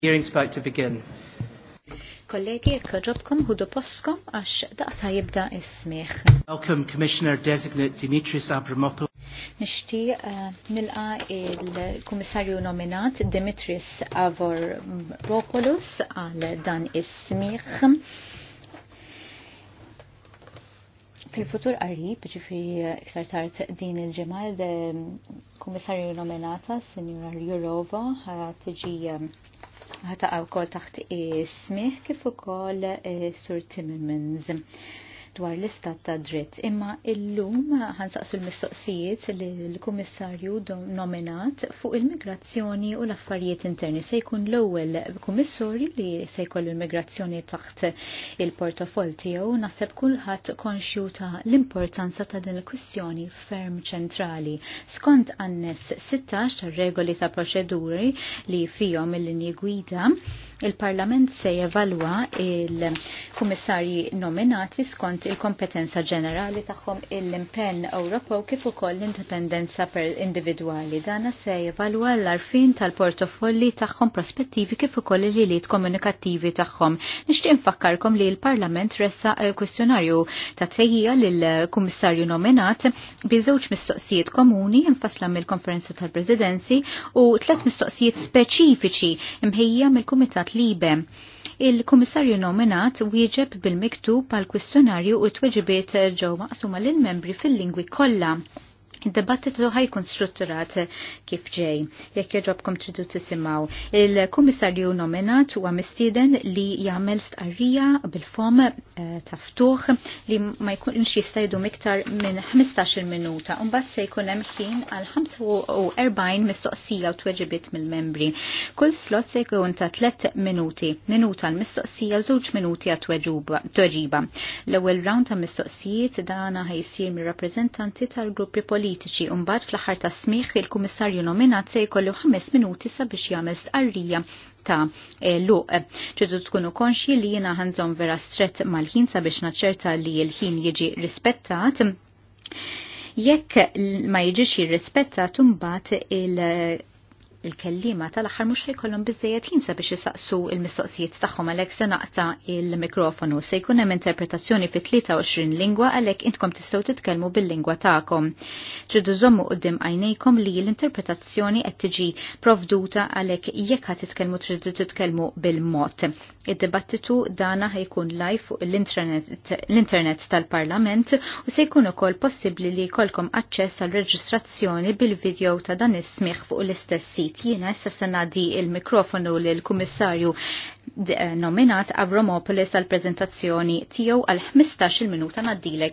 hearings about to begin. Kollegi, jekk hudu poskom għax daqta jibda ismiħ. Welcome Commissioner Designate Dimitris Abramopoulos. Nishti uh, nilqa il-Kummissarju nominat Dimitris Avramopoulos għal dan ismiħ. Fil-futur qarib, ġifiri iktar tard din il-ġemal, um, kummissarju nominata, Senjora Jurova, tiġi ħataqa wkoll taħt ismi kif ukoll eh, Sur Timmins dwar l-istat ta' dritt. Imma illum ħansaqsu l-mistoqsijiet li l-Kummissarju nominat fuq il-migrazzjoni u l-affarijiet interni. Se jkun l-ewwel kummissarju li se jkollu l-migrazzjoni taħt il-portofol tiegħu naħseb kulħadd konxju ta' l-importanza ta' din il-kwistjoni ferm ċentrali. Skont annes 16 tar-regoli ta' proċeduri li fihom il-linji gwida Il-Parlament se jevalwa il-kummissarji nominati skont il-kompetenza ġenerali tagħhom il-impenn Ewropew kif ukoll l-indipendenza per individwali. Dana se jevalwa l-arfin tal-portofolli tagħhom prospettivi kif ukoll il-ħiliet komunikattivi tagħhom. Nixtieq infakkarkom li l-Parlament ressa kwestjonarju ta' tejjija lill-kummissarju nominat bi żewġ mistoqsijiet komuni infaslam mill-Konferenza tal-Presidenzi u tlet mistoqsijiet speċifiċi imħejja mill-Kumitat Kumitat Libe. Il-Kummissarju nominat wieġeb bil-miktub għal kwistjonarju u t-tweġibiet ġew maqsuma lill membri fil-lingwi kollha. Id-debattitu ħajkun strutturat kif ġej, jekk joġobkom tridu tisimaw. Il-komissarju nominat huwa mistieden li jagħmel stqarrija bil-fom eh, taftuħ li ma jkunx jistajdu miktar minn 15-il minuta. Imbagħad se jkun hemm ħin għal 45 mistoqsija u tweġibiet mill-membri. Kull slot se jkun ta' 3 minuti, minuta l mistoqsija u żewġ minuti għat tweġiba. L-ewwel round ta' mistoqsijiet dana ħajsir mir-rappreżentanti tal-gruppi politiċi umbat fl-aħħar ta' smiħ il-kummissarju nominat se jkollu ħames minuti sabiex jagħmel stqarrija ta' eh, luq. Ċidu tkunu konxji li jiena ħanżom vera strett mal-ħin sabiex naċċerta li l-ħin jiġi rispettat. Jekk ma jiġix jirrispettat imbagħad il- il-kellima tal-axar mux ħajkollhom bizzejet jinsa biex jisaqsu il-mistoqsijiet tagħhom għalhekk se naqta il-mikrofonu se jkun hemm interpretazzjoni fi 23 lingwa għalhekk intkom tistgħu titkellmu bil-lingwa tagħkom. Ġidu żommu qudiem għajnejkom li l-interpretazzjoni qed tiġi provduta għalhekk jekk titkelmu titkellmu tridu titkellmu bil-mod. Id-dibattitu dana ħajkun live fuq l-internet tal-Parlament u se jkun ukoll possibbli li jkollkom aċċess għal reġistrazzjoni bil-video ta' dan is-smigħ fuq l-istess sit Jiena issa se ngħaddi il-mikrofonu lill kummissarju eh, nominat Avromopolis għal prezentazzjoni tiegħu għal 15-il minuta ngħaddilek